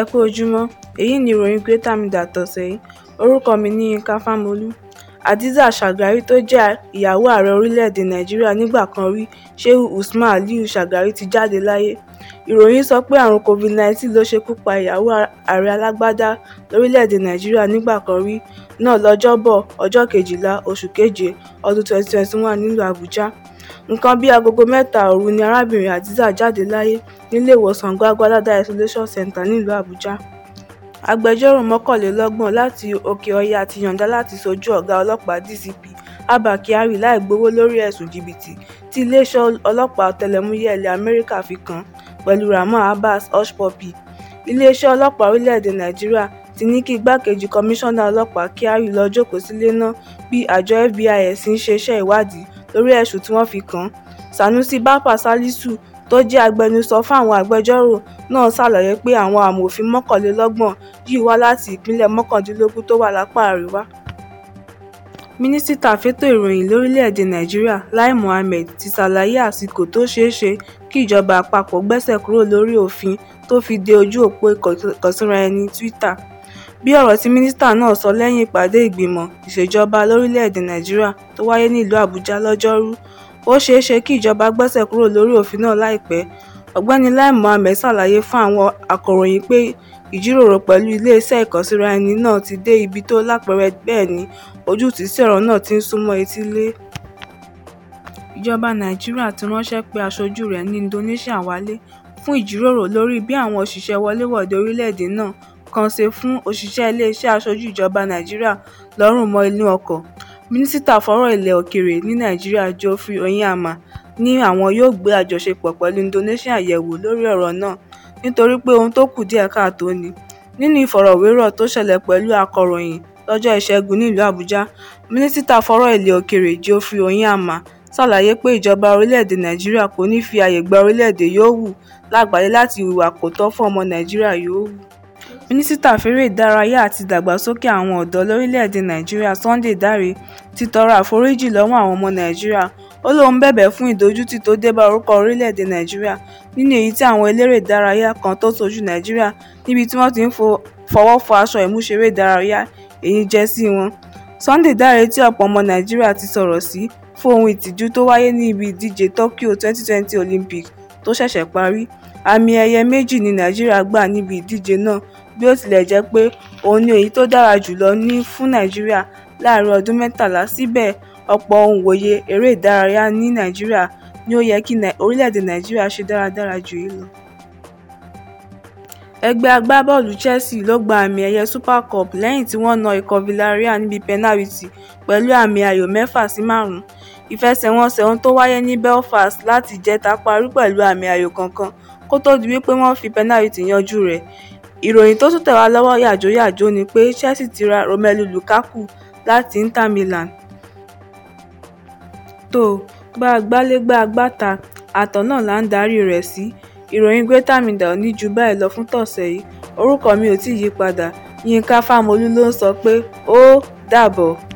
ẹ kú ojúmọ́ èyí ni ìròyìn greater media tọ̀sẹ̀ yìí orúkọ mi ní yinka fámọlú Adiza shagari tó jẹ́ ìyàwó ààrẹ orílẹ̀‐èdè nàíjíríà nígbà kan rí shehu usman aliyu shagari ti jáde láyé ìròyìn sọ pé àrùn covid-19 ló ṣekú pa ìyàwó ààrẹ alágbádá lórílẹ̀‐èdè nàíjíríà nígbà kan rí náà lọ́jọ́bọ̀ ọjọ́ kejìlá oṣù keje ọdún 2021 nílùú àbújá nǹkan bíi agogo mẹ́ta òru ni arábìnrin hadiza jáde láyé níléèwòsàn gwagwa ládà isolation center nílùú àbújá agbẹjọ́rò mọ́kànlélọ́gbọ̀n láti òkè-ọ̀yà ti yọ̀ǹda láti ṣojú ọ̀gá ọlọ́pàá dcp abba kyari láì gbowó lórí ẹ̀sùn jìbìtì tí iléeṣẹ́ ọlọ́pàá ọ̀tẹlẹ̀múyẹ́ ilẹ̀ amẹ́ríkà fi kàn án pẹ̀lú ramon abas hushpuppi iléeṣẹ́ ọlọ́pàá orílẹ̀ nàìjíríà ti ní kí igbákejì kọmíṣánná ọlọ́pàá kyari lọ́ọ́ jókòó sílé ná bí àjọ fbis ń ṣe iṣẹ́ ìwádìí lórí ẹ̀sùn tí wọ́n fi kàn án sanusi bapa salisu tó jẹ́ agbẹnusọ fáwọn agbẹjọ́rò náà ṣàlàyé pé àwọn amòfin mọ́kànlélọ́gbọ̀n yìí wá láti ìpínlẹ̀ mọ́kàndínlógún tó wà lápá àríwá mínísítà fẹtọ ìròyìn lórílẹ̀èdè nàíjíríà lai mohammed ti ṣàlàyé àsìkò tó ṣeé ṣe kí ìjọba àpapọ̀ gbẹ́sẹ̀ kúrò lórí òfin tó fi de ojú òpó ìkànsíraẹni twitter bí ọ̀rọ̀ tí mínísítà náà sọ lẹ́yìn ìpàdé ìgbìmọ̀ ìṣèjọba lórílẹ̀èdè nàíjíríà tó wáyé nílùú àbújá lọ́jọ́rú ó ṣeé ṣe kí ìjọba gbẹ́sẹ̀ kúrò lórí òfin náà láìpẹ́ ọ̀gbẹ́ni lai mohammed ṣàlàyé fún àwọn akọ̀ròyìn pé ìjíròrò pẹ̀lú iléeṣẹ́ ìkànsíra-ẹni náà ti dé ibi tó lápẹẹrẹ bẹ́ẹ̀ ni ojútùú sí ọ̀rọ̀ náà ti ń súnmọ́ etílé ìjọba nàìjíríà ti ránṣẹ́ pé aṣojú rẹ̀ ní indonesia wálé fún ìjíròrò lórí bí àwọn òṣìṣẹ́ wọléwọ̀de orílẹ̀-èdè náà kan ṣe fún òṣìṣẹ́ iléeṣẹ́ aṣojú ìjọba nàìjíríà lọ́rùn mọ́ inú ọkọ̀ mínísítà fọ̀rọ̀ ilẹ̀ òkèèrè ní nàìjíríà geoffrey onyeama ní àwọn yóò gbé àjọṣepọ̀ pẹ̀lú indonesia yẹ̀wò lórí ọ̀rọ̀ náà nítorí pé ohun tó kù díẹ̀ káàtó ni nínú ìfọ̀rọ̀wérọ̀ tó ṣẹlẹ̀ pẹ̀lú akọ̀ròyìn lọ́jọ́ ìṣẹ́gun nílùú àbújá mínísítà fọ̀rọ̀ ilẹ̀ òkèèrè geoffrey onyeama ṣàlàyé pé ìjọba orílẹ̀-èdè nàìjíríà kò ní fi ààyè gba orílẹ̀-èdè yòówù lágbàáyé láti hùwà kò tọ́ fún ọmọ nàìjíríà yòówù mínísítà feré ìdárayá àti ìdàgbàsókè àwọn ọ̀dọ́ lórílẹ̀‐èdè nàíjíríà sunday dáre ti tọrọ àforíjì lọ́wọ́ àwọn ọmọ nàíjíríà ó lóun bẹ̀bẹ̀ fún ìdójútì tó débá orúkọ orílẹ̀‐èdè nàíjíríà nínú èyí tí àwọn eléré ìdárayá kan tó ṣojú nàíjíríà níbi tí wọ́n ti ń fọwọ́ fọ aṣọ ìmúṣeré ìdárayá èyí jẹ́sí wọn sunday dáre tí ọ̀pọ̀ ọmọ nàíjíríà ti sọ̀rọ̀ sí fún ohun ìtìjú tó wáyé ní ìdíje tokyo 2020 olympic tó ṣẹ̀ṣẹ̀ parí Àmì ẹ̀yẹ méjì ni Nàìjíríà gbà níbi ìdíje náà bí ó tilẹ̀ jẹ́ pé òun ni èyí tó dára jùlọ ní fún Nàìjíríà láàárín ọdún mẹ́tàlá síbẹ̀ ọ̀pọ̀ òǹwòye eré ìdárayá ní Nàìjíríà ni ó yẹ kí orílẹ̀-èdè Nàìjíríà ṣe dáradára jù èyí lọ. Ẹgbẹ́ agbábọ́ọ̀lù Chelsea ló gba àmì ẹ̀yẹ Super Cup lẹ́yìn tí wọ́n na ikọ̀ Villarreal níbi pẹnáritì pẹ̀lú àmì ayò 4 sí 5. Ìfẹsẹ̀wọnsẹ̀ ohun tó wáyé ní Belfast láti ìjẹta parí pẹ̀lú àmì ayò kankan kó tó di wípé wọ́n fi pẹ́nàrìtì yanjú rẹ̀. Ìròyìn tó tún tẹ̀ wá lọ́wọ́ yàjóyàjó ni pé Chelsea ti ra Romelu Lukaku láti Inter Milan. Tó gbáagbálégbáagbáta ààtọ̀ náà là ń darí rẹ̀ sí. Ìròyìn Greater Media ò ní ju báyìí lọ fún tọ̀sẹ̀ yìí. Orúkọ mi ò tíì yípadà. Yínká Fámolú ló ń sọ pé ó dàbọ̀.